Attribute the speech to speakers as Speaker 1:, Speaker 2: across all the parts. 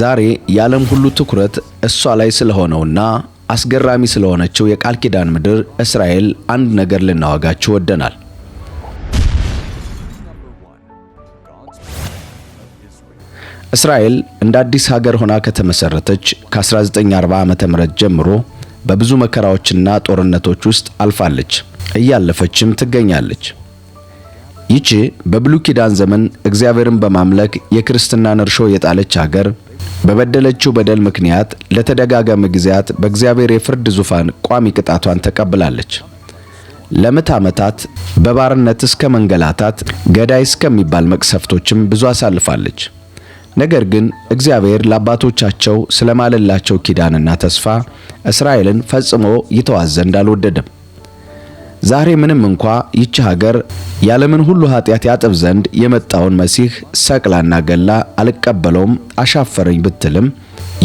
Speaker 1: ዛሬ የዓለም ሁሉ ትኩረት እሷ ላይ ስለሆነውና አስገራሚ ስለሆነችው የቃል ኪዳን ምድር እስራኤል አንድ ነገር ልናወጋችሁ ወደናል። እስራኤል እንደ አዲስ ሀገር ሆና ከተመሰረተች ከ1940 ዓመተ ምህረት ጀምሮ በብዙ መከራዎችና ጦርነቶች ውስጥ አልፋለች፣ እያለፈችም ትገኛለች። ይቺ በብሉይ ኪዳን ዘመን እግዚአብሔርን በማምለክ የክርስትናን እርሾ የጣለች ሀገር በበደለችው በደል ምክንያት ለተደጋጋሚ ጊዜያት በእግዚአብሔር የፍርድ ዙፋን ቋሚ ቅጣቷን ተቀብላለች። ለምት ዓመታት በባርነት እስከ መንገላታት፣ ገዳይ እስከሚባል መቅሰፍቶችም ብዙ አሳልፋለች። ነገር ግን እግዚአብሔር ለአባቶቻቸው ስለማለላቸው ኪዳንና ተስፋ እስራኤልን ፈጽሞ ይተዋት ዘንድ አልወደደም። ዛሬ ምንም እንኳ ይቺ ሀገር የዓለምን ሁሉ ኃጢአት ያጥብ ዘንድ የመጣውን መሲህ ሰቅላና ገላ አልቀበለውም አሻፈረኝ ብትልም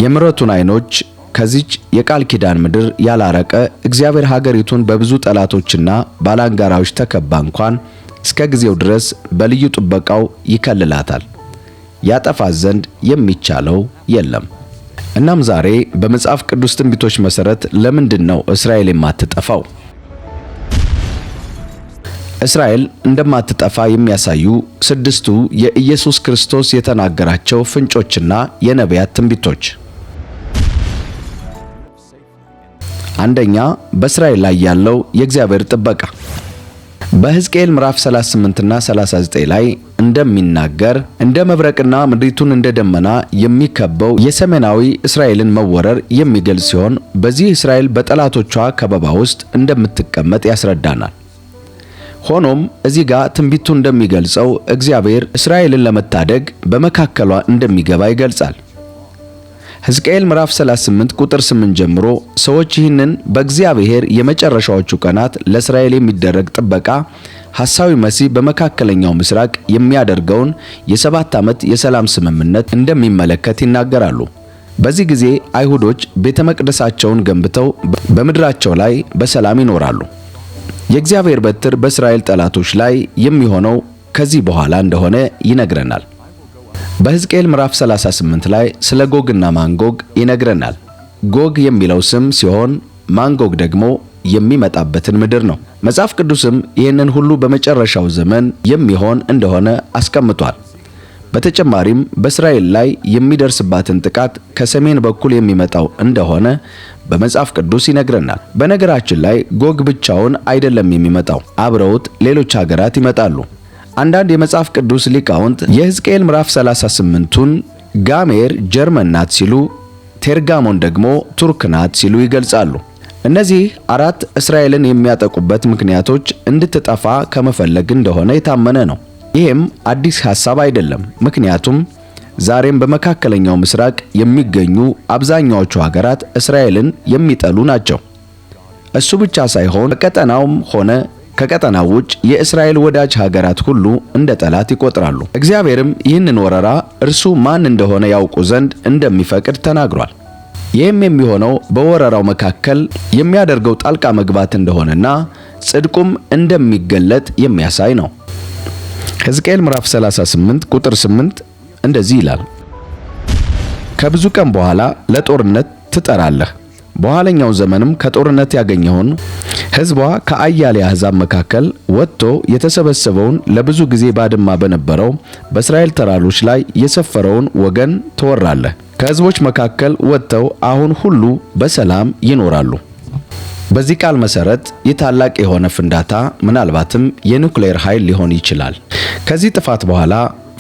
Speaker 1: የምረቱን አይኖች ከዚች የቃል ኪዳን ምድር ያላረቀ እግዚአብሔር ሀገሪቱን በብዙ ጠላቶችና ባላንጋራዎች ተከባ እንኳን እስከ ጊዜው ድረስ በልዩ ጥበቃው ይከልላታል። ያጠፋት ዘንድ የሚቻለው የለም። እናም ዛሬ በመጽሐፍ ቅዱስ ትንቢቶች መሰረት ለምንድን ነው እስራኤል የማትጠፋው? እስራኤል እንደማትጠፋ የሚያሳዩ ስድስቱ የኢየሱስ ክርስቶስ የተናገራቸው ፍንጮችና የነቢያት ትንቢቶች። አንደኛ፣ በእስራኤል ላይ ያለው የእግዚአብሔር ጥበቃ በሕዝቅኤል ምዕራፍ 38 እና 39 ላይ እንደሚናገር እንደ መብረቅና ምድሪቱን እንደ ደመና የሚከበው የሰሜናዊ እስራኤልን መወረር የሚገልጽ ሲሆን በዚህ እስራኤል በጠላቶቿ ከበባ ውስጥ እንደምትቀመጥ ያስረዳናል። ሆኖም እዚህ ጋር ትንቢቱ እንደሚገልጸው እግዚአብሔር እስራኤልን ለመታደግ በመካከሏ እንደሚገባ ይገልጻል። ሕዝቅኤል ምዕራፍ 38 ቁጥር 8 ጀምሮ ሰዎች ይህንን በእግዚአብሔር የመጨረሻዎቹ ቀናት ለእስራኤል የሚደረግ ጥበቃ ሐሳዊ መሲህ በመካከለኛው ምስራቅ የሚያደርገውን የሰባት ዓመት የሰላም ስምምነት እንደሚመለከት ይናገራሉ። በዚህ ጊዜ አይሁዶች ቤተ መቅደሳቸውን ገንብተው በምድራቸው ላይ በሰላም ይኖራሉ። የእግዚአብሔር በትር በእስራኤል ጠላቶች ላይ የሚሆነው ከዚህ በኋላ እንደሆነ ይነግረናል። በሕዝቅኤል ምዕራፍ 38 ላይ ስለ ጎግና ማንጎግ ይነግረናል። ጎግ የሚለው ስም ሲሆን ማንጎግ ደግሞ የሚመጣበትን ምድር ነው። መጽሐፍ ቅዱስም ይህንን ሁሉ በመጨረሻው ዘመን የሚሆን እንደሆነ አስቀምጧል። በተጨማሪም በእስራኤል ላይ የሚደርስባትን ጥቃት ከሰሜን በኩል የሚመጣው እንደሆነ በመጽሐፍ ቅዱስ ይነግረናል። በነገራችን ላይ ጎግ ብቻውን አይደለም የሚመጣው፣ አብረውት ሌሎች ሀገራት ይመጣሉ። አንዳንድ የመጽሐፍ ቅዱስ ሊቃውንት የሕዝቅኤል ምዕራፍ 38ቱን ጋሜር ጀርመን ናት ሲሉ፣ ቴርጋሞን ደግሞ ቱርክ ናት ሲሉ ይገልጻሉ። እነዚህ አራት እስራኤልን የሚያጠቁበት ምክንያቶች እንድትጠፋ ከመፈለግ እንደሆነ የታመነ ነው። ይህም አዲስ ሐሳብ አይደለም። ምክንያቱም ዛሬም በመካከለኛው ምስራቅ የሚገኙ አብዛኛዎቹ ሀገራት እስራኤልን የሚጠሉ ናቸው። እሱ ብቻ ሳይሆን በቀጠናውም ሆነ ከቀጠናው ውጭ የእስራኤል ወዳጅ ሀገራት ሁሉ እንደ ጠላት ይቆጥራሉ። እግዚአብሔርም ይህንን ወረራ እርሱ ማን እንደሆነ ያውቁ ዘንድ እንደሚፈቅድ ተናግሯል። ይህም የሚሆነው በወረራው መካከል የሚያደርገው ጣልቃ መግባት እንደሆነና ጽድቁም እንደሚገለጥ የሚያሳይ ነው። ሕዝቅኤል ምዕራፍ 38 ቁጥር 8 እንደዚህ ይላል። ከብዙ ቀን በኋላ ለጦርነት ትጠራለህ። በኋለኛው ዘመንም ከጦርነት ያገኘውን ሕዝቧ ከአያሌ አሕዛብ መካከል ወጥቶ የተሰበሰበውን ለብዙ ጊዜ ባድማ በነበረው በእስራኤል ተራሮች ላይ የሰፈረውን ወገን ትወራለህ። ከሕዝቦች መካከል ወጥተው አሁን ሁሉ በሰላም ይኖራሉ። በዚህ ቃል መሰረት የታላቅ የሆነ ፍንዳታ ምናልባትም የኒውክሌር ኃይል ሊሆን ይችላል። ከዚህ ጥፋት በኋላ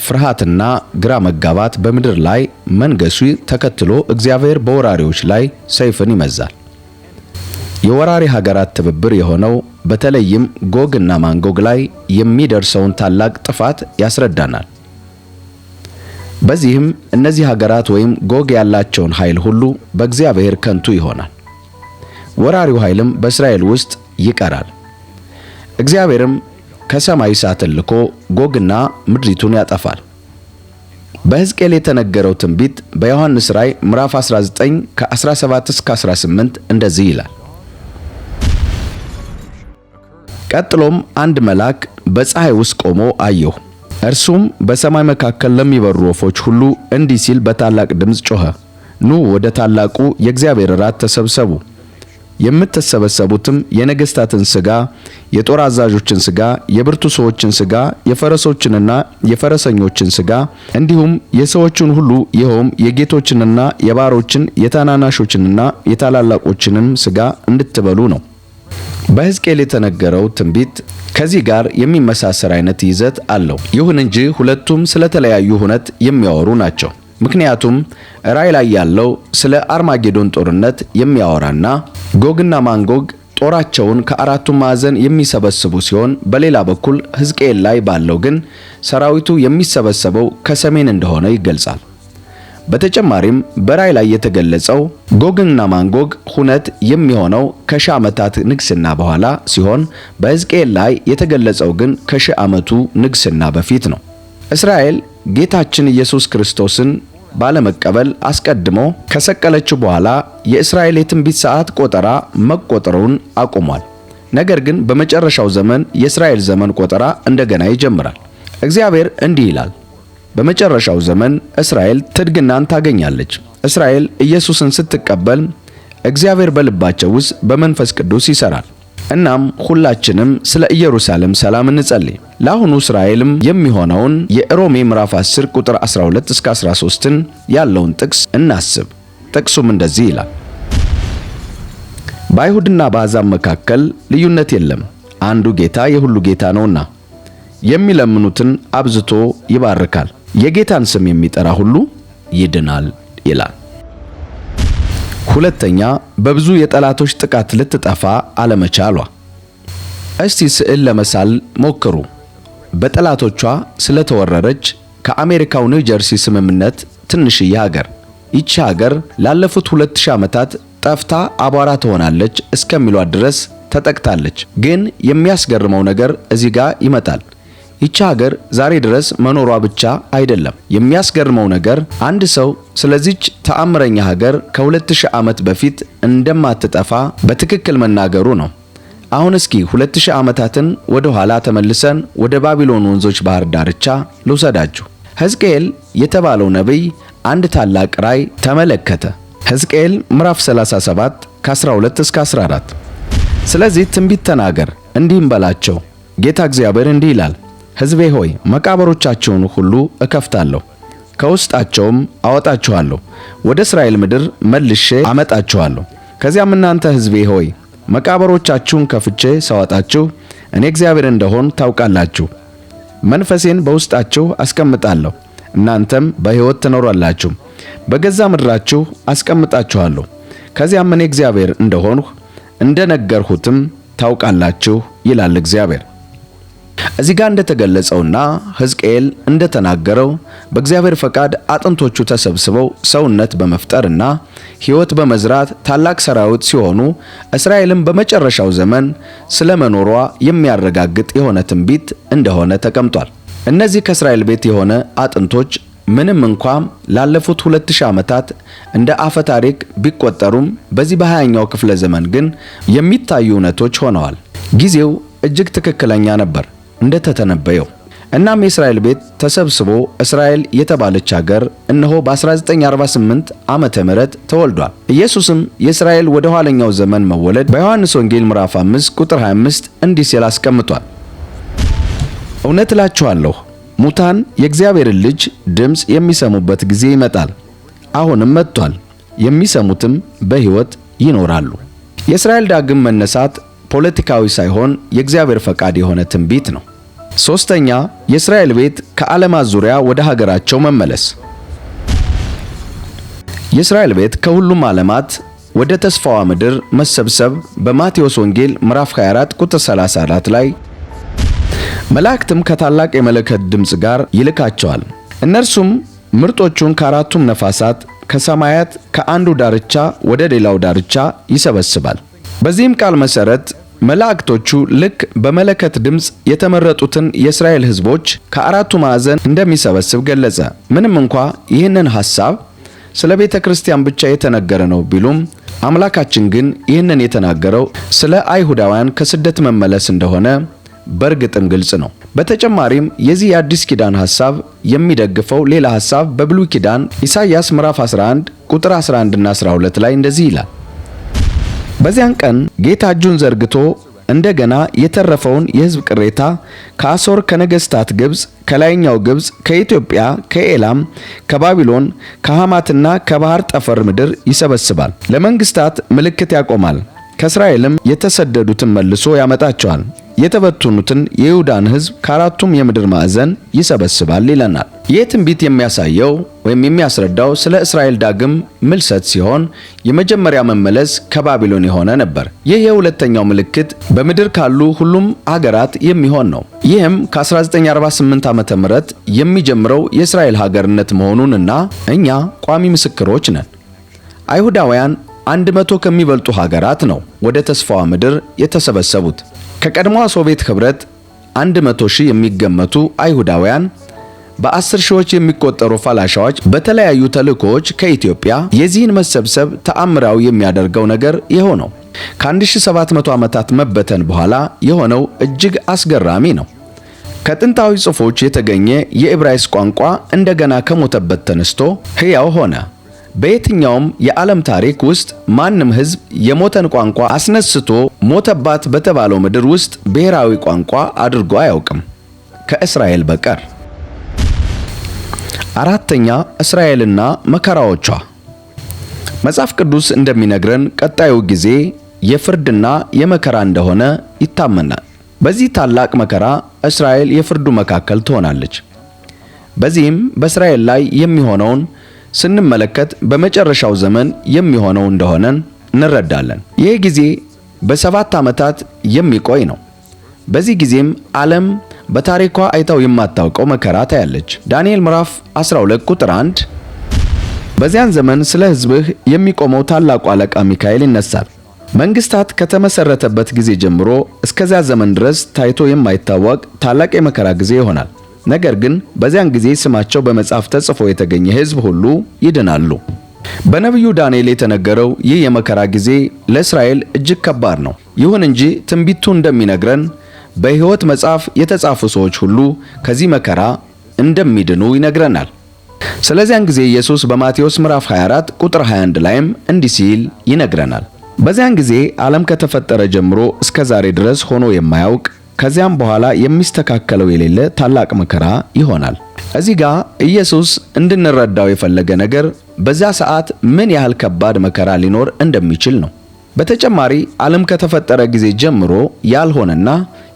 Speaker 1: ፍርሃትና ግራ መጋባት በምድር ላይ መንገሱ ተከትሎ እግዚአብሔር በወራሪዎች ላይ ሰይፍን ይመዛል። የወራሪ ሀገራት ትብብር የሆነው በተለይም ጎግና ማንጎግ ላይ የሚደርሰውን ታላቅ ጥፋት ያስረዳናል። በዚህም እነዚህ ሀገራት ወይም ጎግ ያላቸውን ኃይል ሁሉ በእግዚአብሔር ከንቱ ይሆናል። ወራሪው ኃይልም በእስራኤል ውስጥ ይቀራል። እግዚአብሔርም ከሰማይ እሳትን ልኮ ጎግና ምድሪቱን ያጠፋል። በሕዝቅኤል የተነገረው ትንቢት በዮሐንስ ራእይ ምዕራፍ 19 ከ17 እስከ 18 እንደዚህ ይላል። ቀጥሎም አንድ መልአክ በፀሐይ ውስጥ ቆሞ አየሁ። እርሱም በሰማይ መካከል ለሚበሩ ወፎች ሁሉ እንዲህ ሲል በታላቅ ድምፅ ጮኸ፣ ኑ ወደ ታላቁ የእግዚአብሔር እራት ተሰብሰቡ የምትሰበሰቡትም የነገስታትን ስጋ፣ የጦር አዛዦችን ስጋ፣ የብርቱ ሰዎችን ስጋ፣ የፈረሶችንና የፈረሰኞችን ስጋ እንዲሁም የሰዎችን ሁሉ ይኸውም የጌቶችንና የባሮችን የታናናሾችንና የታላላቆችንም ስጋ እንድትበሉ ነው። በሕዝቅኤል የተነገረው ትንቢት ከዚህ ጋር የሚመሳሰል አይነት ይዘት አለው። ይሁን እንጂ ሁለቱም ስለተለያዩ ሁነት የሚያወሩ ናቸው። ምክንያቱም ራእይ ላይ ያለው ስለ አርማጌዶን ጦርነት የሚያወራና ጎግና ማንጎግ ጦራቸውን ከአራቱ ማዕዘን የሚሰበስቡ ሲሆን በሌላ በኩል ሕዝቅኤል ላይ ባለው ግን ሰራዊቱ የሚሰበሰበው ከሰሜን እንደሆነ ይገልጻል። በተጨማሪም በራእይ ላይ የተገለጸው ጎግና ማንጎግ ሁነት የሚሆነው ከሺህ ዓመታት ንግስና በኋላ ሲሆን በሕዝቅኤል ላይ የተገለጸው ግን ከሺህ ዓመቱ ንግስና በፊት ነው። እስራኤል ጌታችን ኢየሱስ ክርስቶስን ባለመቀበል አስቀድሞ ከሰቀለችው በኋላ የእስራኤል የትንቢት ሰዓት ቆጠራ መቆጠሩን አቁሟል። ነገር ግን በመጨረሻው ዘመን የእስራኤል ዘመን ቆጠራ እንደገና ይጀምራል። እግዚአብሔር እንዲህ ይላል፣ በመጨረሻው ዘመን እስራኤል ትድግናን ታገኛለች። እስራኤል ኢየሱስን ስትቀበል እግዚአብሔር በልባቸው ውስጥ በመንፈስ ቅዱስ ይሰራል። እናም ሁላችንም ስለ ኢየሩሳሌም ሰላም እንጸልይ። ለአሁኑ እስራኤልም የሚሆነውን የሮሜ ምዕራፍ 10 ቁጥር 12 እስከ 13ን ያለውን ጥቅስ እናስብ። ጥቅሱም እንደዚህ ይላል በአይሁድና በአሕዛብ መካከል ልዩነት የለም፣ አንዱ ጌታ የሁሉ ጌታ ነውና የሚለምኑትን አብዝቶ ይባርካል፣ የጌታን ስም የሚጠራ ሁሉ ይድናል ይላል። ሁለተኛ በብዙ የጠላቶች ጥቃት ልትጠፋ አለመቻሏ። እስቲ ስዕል ለመሳል ሞክሩ። በጠላቶቿ ስለተወረረች ከአሜሪካው ኒው ጀርሲ ስምምነት ትንሽዬ ሀገር ይቺ ሀገር ላለፉት 2000 ዓመታት ጠፍታ አቧራ ትሆናለች እስከሚሏት ድረስ ተጠቅታለች። ግን የሚያስገርመው ነገር እዚህ ጋር ይመጣል። ይቺ ሀገር ዛሬ ድረስ መኖሯ ብቻ አይደለም። የሚያስገርመው ነገር አንድ ሰው ስለዚች ተአምረኛ ሀገር ከ2000 ዓመት በፊት እንደማትጠፋ በትክክል መናገሩ ነው። አሁን እስኪ 2000 ዓመታትን ወደ ኋላ ተመልሰን ወደ ባቢሎን ወንዞች ባህር ዳርቻ ልውሰዳችሁ። ሕዝቅኤል የተባለው ነቢይ አንድ ታላቅ ራእይ ተመለከተ። ሕዝቅኤል ምዕራፍ 37 ከ12 እስከ 14። ስለዚህ ትንቢት ተናገር እንዲህም በላቸው ጌታ እግዚአብሔር እንዲህ ይላል ሕዝቤ ሆይ መቃብሮቻቸውን ሁሉ እከፍታለሁ፣ ከውስጣቸውም አወጣችኋለሁ፣ ወደ እስራኤል ምድር መልሼ አመጣችኋለሁ። ከዚያም እናንተ ሕዝቤ ሆይ መቃብሮቻችሁን ከፍቼ ሳወጣችሁ እኔ እግዚአብሔር እንደሆን ታውቃላችሁ። መንፈሴን በውስጣችሁ አስቀምጣለሁ፣ እናንተም በሕይወት ትኖራላችሁ። በገዛ ምድራችሁ አስቀምጣችኋለሁ። ከዚያም እኔ እግዚአብሔር እንደሆንሁ እንደነገርሁትም ታውቃላችሁ ይላል እግዚአብሔር። እዚህ ጋር እንደተገለጸውና ሕዝቅኤል እንደተናገረው በእግዚአብሔር ፈቃድ አጥንቶቹ ተሰብስበው ሰውነት በመፍጠርና ሕይወት በመዝራት ታላቅ ሰራዊት ሲሆኑ እስራኤልም በመጨረሻው ዘመን መኖሯ የሚያረጋግጥ የሆነ ትንቢት እንደሆነ ተቀምጧል። እነዚህ ከእስራኤል ቤት የሆነ አጥንቶች ምንም እንኳን ላለፉት 2000 ዓመታት እንደ አፈ ታሪክ ቢቆጠሩም በዚህ በሃያኛው ክፍለ ዘመን ግን የሚታዩ እውነቶች ሆነዋል። ጊዜው እጅግ ትክክለኛ ነበር። እንደተተነበየው። እናም የእስራኤል ቤት ተሰብስቦ እስራኤል የተባለች ሀገር እነሆ በ1948 ዓመተ ምህረት ተወልዷል። ኢየሱስም የእስራኤል ወደ ኋለኛው ዘመን መወለድ በዮሐንስ ወንጌል ምዕራፍ 5 ቁጥር 25 እንዲህ ሲል አስቀምጧል። እውነት እላችኋለሁ ሙታን የእግዚአብሔርን ልጅ ድምፅ የሚሰሙበት ጊዜ ይመጣል፣ አሁንም መጥቷል። የሚሰሙትም በሕይወት ይኖራሉ። የእስራኤል ዳግም መነሳት ፖለቲካዊ ሳይሆን የእግዚአብሔር ፈቃድ የሆነ ትንቢት ነው። ሶስተኛ የእስራኤል ቤት ከዓለማት ዙሪያ ወደ ሀገራቸው መመለስ። የእስራኤል ቤት ከሁሉም ዓለማት ወደ ተስፋዋ ምድር መሰብሰብ በማቴዎስ ወንጌል ምዕራፍ 24 ቁጥር 34 ላይ መላእክትም ከታላቅ የመለከት ድምፅ ጋር ይልካቸዋል። እነርሱም ምርጦቹን ከአራቱም ነፋሳት ከሰማያት ከአንዱ ዳርቻ ወደ ሌላው ዳርቻ ይሰበስባል። በዚህም ቃል መሰረት መላእክቶቹ ልክ በመለከት ድምፅ የተመረጡትን የእስራኤል ሕዝቦች ከአራቱ ማዕዘን እንደሚሰበስብ ገለጸ። ምንም እንኳ ይህንን ሐሳብ ስለ ቤተ ክርስቲያን ብቻ የተነገረ ነው ቢሉም አምላካችን ግን ይህንን የተናገረው ስለ አይሁዳውያን ከስደት መመለስ እንደሆነ በእርግጥም ግልጽ ነው። በተጨማሪም የዚህ የአዲስ ኪዳን ሐሳብ የሚደግፈው ሌላ ሐሳብ በብሉይ ኪዳን ኢሳይያስ ምዕራፍ 11 ቁጥር 11 እና 12 ላይ እንደዚህ ይላል በዚያን ቀን ጌታ እጁን ዘርግቶ እንደገና የተረፈውን የሕዝብ ቅሬታ ከአሦር፣ ከነገሥታት ግብፅ፣ ከላይኛው ግብፅ፣ ከኢትዮጵያ፣ ከኤላም፣ ከባቢሎን፣ ከሐማትና ከባሕር ጠፈር ምድር ይሰበስባል። ለመንግሥታት ምልክት ያቆማል። ከእስራኤልም የተሰደዱትን መልሶ ያመጣቸዋል። የተበተኑትን የይሁዳን ሕዝብ ከአራቱም የምድር ማዕዘን ይሰበስባል ይለናል። ይህ ትንቢት የሚያሳየው ወይም የሚያስረዳው ስለ እስራኤል ዳግም ምልሰት ሲሆን የመጀመሪያ መመለስ ከባቢሎን የሆነ ነበር። ይህ የሁለተኛው ምልክት በምድር ካሉ ሁሉም ሀገራት የሚሆን ነው። ይህም ከ1948 ዓ. ም የሚጀምረው የእስራኤል ሀገርነት መሆኑንና እኛ ቋሚ ምስክሮች ነን። አይሁዳውያን አንድ መቶ ከሚበልጡ ሀገራት ነው ወደ ተስፋዋ ምድር የተሰበሰቡት። ከቀድሞዋ ሶቪየት ኅብረት መቶ ሺህ የሚገመቱ አይሁዳውያን በአስር ሺዎች የሚቆጠሩ ፈላሻዎች በተለያዩ ተልእኮዎች ከኢትዮጵያ የዚህን መሰብሰብ ተአምራዊ የሚያደርገው ነገር የሆነው ነው። ከ1700 ዓመታት መበተን በኋላ የሆነው እጅግ አስገራሚ ነው። ከጥንታዊ ጽሑፎች የተገኘ የዕብራይስ ቋንቋ እንደገና ከሞተበት ተነስቶ ሕያው ሆነ። በየትኛውም የዓለም ታሪክ ውስጥ ማንም ሕዝብ የሞተን ቋንቋ አስነስቶ ሞተባት በተባለው ምድር ውስጥ ብሔራዊ ቋንቋ አድርጎ አያውቅም ከእስራኤል በቀር። አራተኛ እስራኤልና መከራዎቿ። መጽሐፍ ቅዱስ እንደሚነግረን ቀጣዩ ጊዜ የፍርድና የመከራ እንደሆነ ይታመናል። በዚህ ታላቅ መከራ እስራኤል የፍርዱ መካከል ትሆናለች። በዚህም በእስራኤል ላይ የሚሆነውን ስንመለከት በመጨረሻው ዘመን የሚሆነው እንደሆነን እንረዳለን። ይህ ጊዜ በሰባት ዓመታት የሚቆይ ነው። በዚህ ጊዜም ዓለም በታሪኳ አይታው የማታውቀው መከራ ታያለች። ዳንኤል ምዕራፍ 12 ቁጥር 1 በዚያን ዘመን ስለ ሕዝብህ የሚቆመው ታላቁ አለቃ ሚካኤል ይነሳል። መንግስታት ከተመሰረተበት ጊዜ ጀምሮ እስከዚያ ዘመን ድረስ ታይቶ የማይታወቅ ታላቅ የመከራ ጊዜ ይሆናል። ነገር ግን በዚያን ጊዜ ስማቸው በመጽሐፍ ተጽፎ የተገኘ ሕዝብ ሁሉ ይድናሉ። በነቢዩ ዳንኤል የተነገረው ይህ የመከራ ጊዜ ለእስራኤል እጅግ ከባድ ነው። ይሁን እንጂ ትንቢቱ እንደሚነግረን በሕይወት መጽሐፍ የተጻፉ ሰዎች ሁሉ ከዚህ መከራ እንደሚድኑ ይነግረናል። ስለዚያን ጊዜ ኢየሱስ በማቴዎስ ምዕራፍ 24 ቁጥር 21 ላይም እንዲህ ሲል ይነግረናል። በዚያን ጊዜ ዓለም ከተፈጠረ ጀምሮ እስከ ዛሬ ድረስ ሆኖ የማያውቅ ከዚያም በኋላ የሚስተካከለው የሌለ ታላቅ መከራ ይሆናል። እዚህ ጋር ኢየሱስ እንድንረዳው የፈለገ ነገር በዚያ ሰዓት ምን ያህል ከባድ መከራ ሊኖር እንደሚችል ነው። በተጨማሪ ዓለም ከተፈጠረ ጊዜ ጀምሮ ያልሆነና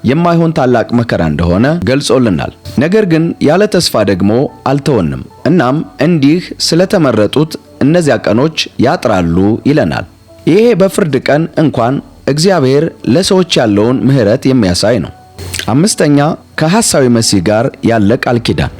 Speaker 1: የማይሆን ታላቅ መከራ እንደሆነ ገልጾልናል። ነገር ግን ያለ ተስፋ ደግሞ አልተወንም። እናም እንዲህ ስለተመረጡት እነዚያ ቀኖች ያጥራሉ ይለናል። ይሄ በፍርድ ቀን እንኳን እግዚአብሔር ለሰዎች ያለውን ምሕረት የሚያሳይ ነው። አምስተኛ ከሐሳዊ መሲህ ጋር ያለ ቃል ኪዳን።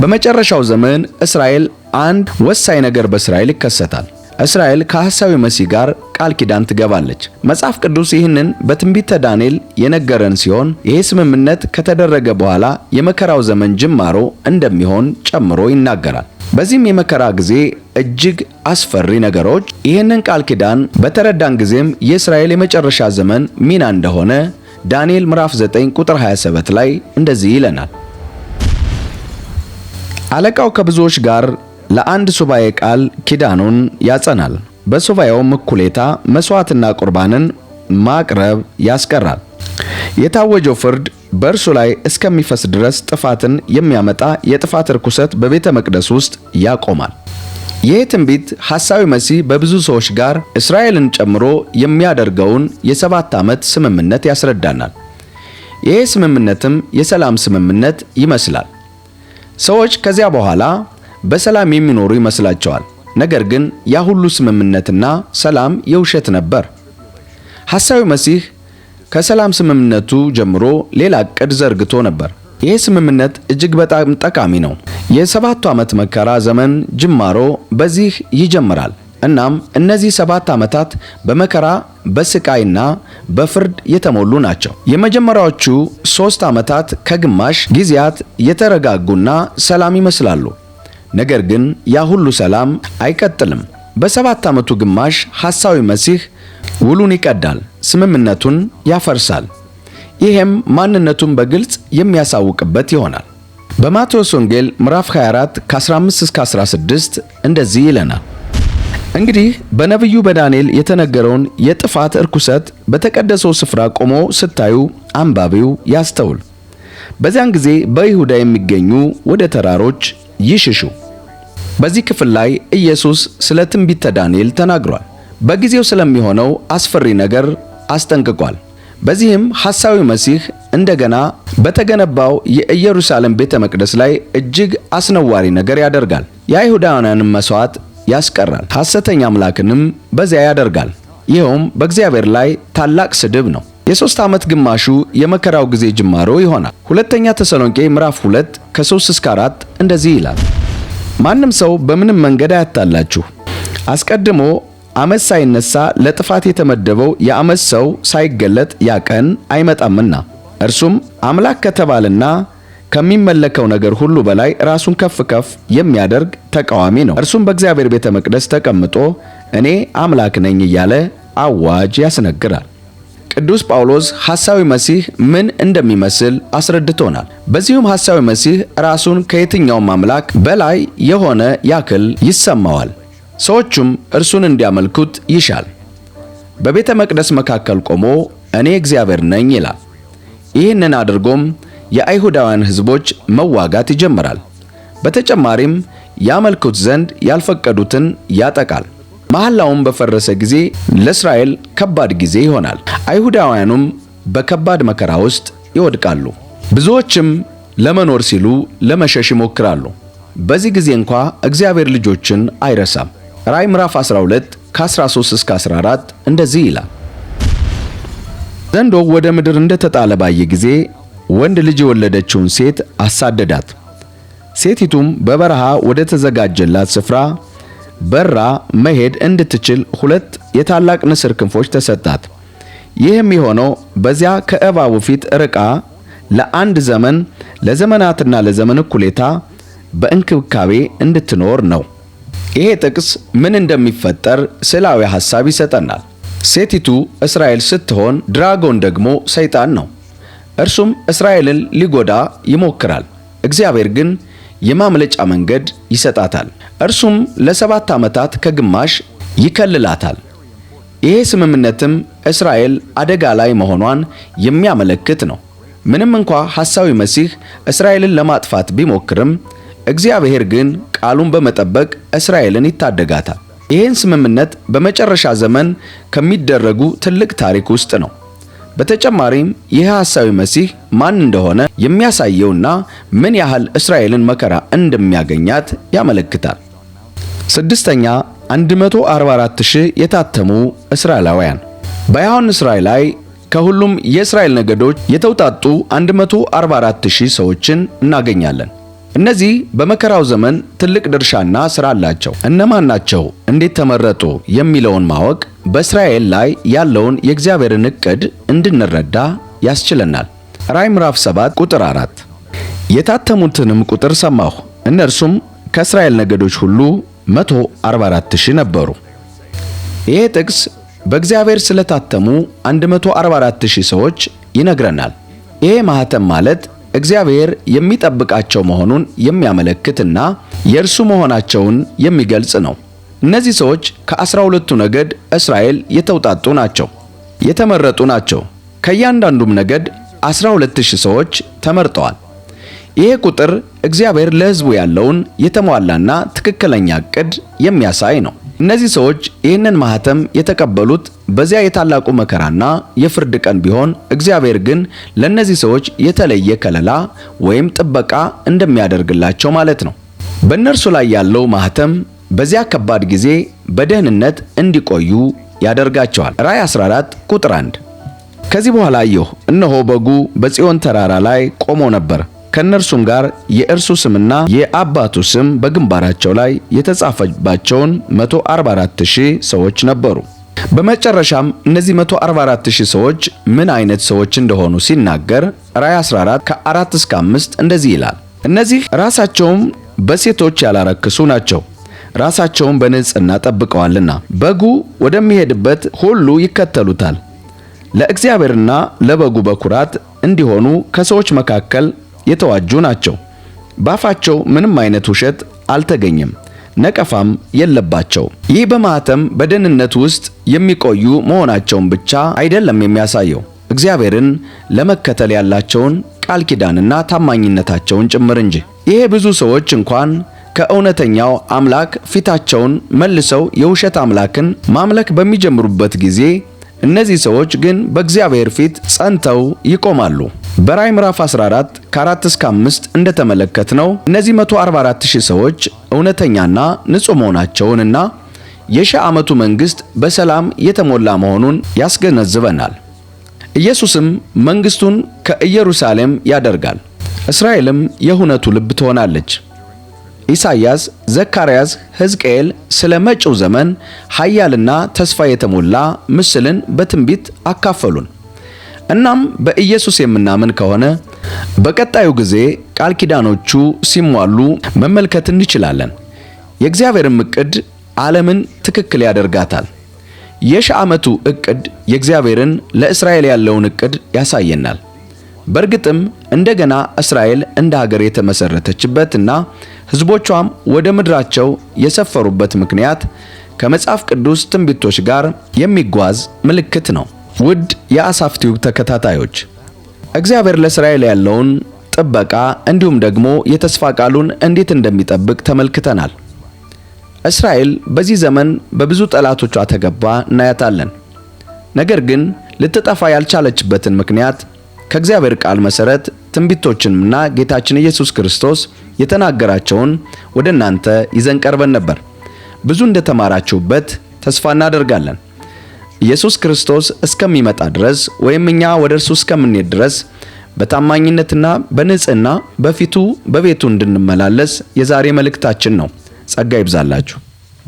Speaker 1: በመጨረሻው ዘመን እስራኤል አንድ ወሳኝ ነገር በእስራኤል ይከሰታል። እስራኤል ከሐሳዊ መሲህ ጋር ቃል ኪዳን ትገባለች። መጽሐፍ ቅዱስ ይህንን በትንቢተ ዳንኤል የነገረን ሲሆን ይሄ ስምምነት ከተደረገ በኋላ የመከራው ዘመን ጅማሮ እንደሚሆን ጨምሮ ይናገራል። በዚህም የመከራ ጊዜ እጅግ አስፈሪ ነገሮች ይህንን ቃል ኪዳን በተረዳን ጊዜም የእስራኤል የመጨረሻ ዘመን ሚና እንደሆነ ዳንኤል ምዕራፍ 9 ቁጥር 27 ላይ እንደዚህ ይለናል። አለቃው ከብዙዎች ጋር ለአንድ ሱባኤ ቃል ኪዳኑን ያጸናል። በሱባዔውም እኩሌታ መስዋዕትና ቁርባንን ማቅረብ ያስቀራል። የታወጀው ፍርድ በእርሱ ላይ እስከሚፈስ ድረስ ጥፋትን የሚያመጣ የጥፋት ርኩሰት በቤተ መቅደስ ውስጥ ያቆማል። ይህ ትንቢት ሐሳዊ መሲህ በብዙ ሰዎች ጋር እስራኤልን ጨምሮ የሚያደርገውን የሰባት ዓመት ስምምነት ያስረዳናል። ይህ ስምምነትም የሰላም ስምምነት ይመስላል። ሰዎች ከዚያ በኋላ በሰላም የሚኖሩ ይመስላቸዋል። ነገር ግን ያ ሁሉ ስምምነትና ሰላም የውሸት ነበር። ሐሳዊ መሲህ ከሰላም ስምምነቱ ጀምሮ ሌላ ዕቅድ ዘርግቶ ነበር። ይህ ስምምነት እጅግ በጣም ጠቃሚ ነው። የሰባቱ ዓመት መከራ ዘመን ጅማሮ በዚህ ይጀምራል። እናም እነዚህ ሰባት ዓመታት በመከራ በስቃይና በፍርድ የተሞሉ ናቸው። የመጀመሪያዎቹ ሦስት ዓመታት ከግማሽ ጊዜያት የተረጋጉና ሰላም ይመስላሉ። ነገር ግን ያ ሁሉ ሰላም አይቀጥልም። በሰባት ዓመቱ ግማሽ ሐሳዊ መሲህ ውሉን ይቀዳል፣ ስምምነቱን ያፈርሳል። ይሄም ማንነቱን በግልጽ የሚያሳውቅበት ይሆናል። በማቴዎስ ወንጌል ምዕራፍ 24 ከ15 እስከ 16 እንደዚህ ይለናል። እንግዲህ በነቢዩ በዳንኤል የተነገረውን የጥፋት እርኩሰት በተቀደሰው ስፍራ ቆሞ ስታዩ አንባቢው ያስተውል። በዚያን ጊዜ በይሁዳ የሚገኙ ወደ ተራሮች ይሽሹ። በዚህ ክፍል ላይ ኢየሱስ ስለ ትንቢተ ዳንኤል ተናግሯል። በጊዜው ስለሚሆነው አስፈሪ ነገር አስጠንቅቋል። በዚህም ሐሳዊ መሲህ እንደገና በተገነባው የኢየሩሳሌም ቤተ መቅደስ ላይ እጅግ አስነዋሪ ነገር ያደርጋል። የአይሁዳውያንን መሥዋዕት ያስቀራል፣ ሐሰተኛ አምላክንም በዚያ ያደርጋል። ይኸውም በእግዚአብሔር ላይ ታላቅ ስድብ ነው። የሶስት ዓመት ግማሹ የመከራው ጊዜ ጅማሮ ይሆናል። ሁለተኛ ተሰሎንቄ ምዕራፍ 2 ከ3 እስከ 4 እንደዚህ ይላል፣ ማንም ሰው በምንም መንገድ አያታላችሁ። አስቀድሞ ዓመፅ ሳይነሳ ለጥፋት የተመደበው የዓመፅ ሰው ሳይገለጥ ያ ቀን አይመጣምና እርሱም አምላክ ከተባለና ከሚመለከው ነገር ሁሉ በላይ ራሱን ከፍ ከፍ የሚያደርግ ተቃዋሚ ነው። እርሱም በእግዚአብሔር ቤተ መቅደስ ተቀምጦ እኔ አምላክ ነኝ እያለ አዋጅ ያስነግራል። ቅዱስ ጳውሎስ ሐሳዊ መሲህ ምን እንደሚመስል አስረድቶናል። በዚሁም ሐሳዊ መሲህ ራሱን ከየትኛውም አምላክ በላይ የሆነ ያክል ይሰማዋል፣ ሰዎቹም እርሱን እንዲያመልኩት ይሻል። በቤተ መቅደስ መካከል ቆሞ እኔ እግዚአብሔር ነኝ ይላል። ይህንን አድርጎም የአይሁዳውያን ሕዝቦች መዋጋት ይጀምራል። በተጨማሪም ያመልኩት ዘንድ ያልፈቀዱትን ያጠቃል። መሐላውም በፈረሰ ጊዜ ለእስራኤል ከባድ ጊዜ ይሆናል። አይሁዳውያኑም በከባድ መከራ ውስጥ ይወድቃሉ። ብዙዎችም ለመኖር ሲሉ ለመሸሽ ይሞክራሉ። በዚህ ጊዜ እንኳ እግዚአብሔር ልጆችን አይረሳም። ራእይ ምዕራፍ 12 ከ13 እስከ 14 እንደዚህ ይላል። ዘንዶ ወደ ምድር እንደተጣለ ባየ ጊዜ ወንድ ልጅ የወለደችውን ሴት አሳደዳት። ሴቲቱም በበረሃ ወደ ተዘጋጀላት ስፍራ በራ መሄድ እንድትችል ሁለት የታላቅ ንስር ክንፎች ተሰጣት። ይህም የሆነው በዚያ ከእባቡ ፊት ርቃ ለአንድ ዘመን ለዘመናትና ለዘመን እኩሌታ በእንክብካቤ እንድትኖር ነው። ይሄ ጥቅስ ምን እንደሚፈጠር ስዕላዊ ሐሳብ ይሰጠናል። ሴቲቱ እስራኤል ስትሆን ድራጎን ደግሞ ሰይጣን ነው። እርሱም እስራኤልን ሊጎዳ ይሞክራል። እግዚአብሔር ግን የማምለጫ መንገድ ይሰጣታል። እርሱም ለሰባት ዓመታት ከግማሽ ይከልላታል። ይሄ ስምምነትም እስራኤል አደጋ ላይ መሆኗን የሚያመለክት ነው። ምንም እንኳ ሐሳዊ መሲህ እስራኤልን ለማጥፋት ቢሞክርም እግዚአብሔር ግን ቃሉን በመጠበቅ እስራኤልን ይታደጋታል። ይህን ስምምነት በመጨረሻ ዘመን ከሚደረጉ ትልቅ ታሪክ ውስጥ ነው። በተጨማሪም ይህ ሐሳዊ መሲህ ማን እንደሆነ የሚያሳየውና ምን ያህል እስራኤልን መከራ እንደሚያገኛት ያመለክታል። ስድስተኛ 144000 የታተሙ እስራኤላውያን በዮሐንስ ራእይ ላይ ከሁሉም የእስራኤል ነገዶች የተውጣጡ 144000 ሰዎችን እናገኛለን። እነዚህ በመከራው ዘመን ትልቅ ድርሻና ሥራ አላቸው። እነማን ናቸው? እንዴት ተመረጡ? የሚለውን ማወቅ በእስራኤል ላይ ያለውን የእግዚአብሔርን ዕቅድ እንድንረዳ ያስችለናል። ራእይ ምዕራፍ 7 ቁጥር 4 የታተሙትንም ቁጥር ሰማሁ፣ እነርሱም ከእስራኤል ነገዶች ሁሉ 144 ሺህ ነበሩ። ይሄ ጥቅስ በእግዚአብሔር ስለታተሙ 144 ሺህ ሰዎች ይነግረናል። ይሄ ማህተም ማለት እግዚአብሔር የሚጠብቃቸው መሆኑን የሚያመለክትና የእርሱ መሆናቸውን የሚገልጽ ነው። እነዚህ ሰዎች ከአስራ ሁለቱ ነገድ እስራኤል የተውጣጡ ናቸው፣ የተመረጡ ናቸው። ከእያንዳንዱም ነገድ 12 ሰዎች ተመርጠዋል። ይሄ ቁጥር እግዚአብሔር ለሕዝቡ ያለውን የተሟላና ትክክለኛ ዕቅድ የሚያሳይ ነው። እነዚህ ሰዎች ይህንን ማህተም የተቀበሉት በዚያ የታላቁ መከራና የፍርድ ቀን ቢሆን እግዚአብሔር ግን ለእነዚህ ሰዎች የተለየ ከለላ ወይም ጥበቃ እንደሚያደርግላቸው ማለት ነው። በእነርሱ ላይ ያለው ማህተም በዚያ ከባድ ጊዜ በደህንነት እንዲቆዩ ያደርጋቸዋል። ራእይ 14 ቁጥር 1 ከዚህ በኋላ አየሁ፣ እነሆ በጉ በጽዮን ተራራ ላይ ቆሞ ነበር ከእነርሱም ጋር የእርሱ ስምና የአባቱ ስም በግንባራቸው ላይ የተጻፈባቸውን 144000 ሰዎች ነበሩ። በመጨረሻም እነዚህ 144000 ሰዎች ምን አይነት ሰዎች እንደሆኑ ሲናገር ራእይ 14 ከ4 እስከ 5 እንደዚህ ይላል። እነዚህ ራሳቸውም በሴቶች ያላረክሱ ናቸው፣ ራሳቸውን በንጽሕና ጠብቀዋልና በጉ ወደሚሄድበት ሁሉ ይከተሉታል። ለእግዚአብሔርና ለበጉ በኩራት እንዲሆኑ ከሰዎች መካከል የተዋጁ ናቸው። ባፋቸው ምንም አይነት ውሸት አልተገኘም፣ ነቀፋም የለባቸው። ይህ በማህተም በደህንነት ውስጥ የሚቆዩ መሆናቸውን ብቻ አይደለም የሚያሳየው እግዚአብሔርን ለመከተል ያላቸውን ቃል ኪዳንና ታማኝነታቸውን ጭምር እንጂ። ይሄ ብዙ ሰዎች እንኳን ከእውነተኛው አምላክ ፊታቸውን መልሰው የውሸት አምላክን ማምለክ በሚጀምሩበት ጊዜ እነዚህ ሰዎች ግን በእግዚአብሔር ፊት ጸንተው ይቆማሉ። በራዕይ ምዕራፍ 14 ከ4 እስከ 5 እንደተመለከትነው እነዚህ 144000 ሰዎች እውነተኛና ንጹሕ መሆናቸውንና የሺህ ዓመቱ መንግሥት በሰላም የተሞላ መሆኑን ያስገነዝበናል። ኢየሱስም መንግሥቱን ከኢየሩሳሌም ያደርጋል፣ እስራኤልም የእውነቱ ልብ ትሆናለች። ኢሳይያስ፣ ዘካርያስ፣ ሕዝቅኤል ስለ መጪው ዘመን ኃያልና ተስፋ የተሞላ ምስልን በትንቢት አካፈሉን። እናም በኢየሱስ የምናምን ከሆነ በቀጣዩ ጊዜ ቃል ኪዳኖቹ ሲሟሉ መመልከት እንችላለን። የእግዚአብሔርም እቅድ ዓለምን ትክክል ያደርጋታል። የሺ ዓመቱ እቅድ የእግዚአብሔርን ለእስራኤል ያለውን እቅድ ያሳየናል። በእርግጥም እንደገና እስራኤል እንደ ሀገር የተመሰረተችበትና ሕዝቦቿም ወደ ምድራቸው የሰፈሩበት ምክንያት ከመጽሐፍ ቅዱስ ትንቢቶች ጋር የሚጓዝ ምልክት ነው። ውድ የአሳፍ ቲዩብ ተከታታዮች እግዚአብሔር ለእስራኤል ያለውን ጥበቃ እንዲሁም ደግሞ የተስፋ ቃሉን እንዴት እንደሚጠብቅ ተመልክተናል። እስራኤል በዚህ ዘመን በብዙ ጠላቶቿ ተገባ እናያታለን። ነገር ግን ልትጠፋ ያልቻለችበትን ምክንያት ከእግዚአብሔር ቃል መሰረት ትንቢቶችንና ጌታችን ኢየሱስ ክርስቶስ የተናገራቸውን ወደ እናንተ ይዘን ቀርበን ነበር። ብዙ እንደተማራችሁበት ተስፋ እናደርጋለን። ኢየሱስ ክርስቶስ እስከሚመጣ ድረስ ወይም እኛ ወደ እርሱ እስከምንሄድ ድረስ በታማኝነትና በንጽህና በፊቱ በቤቱ እንድንመላለስ የዛሬ መልእክታችን ነው። ጸጋ ይብዛላችሁ።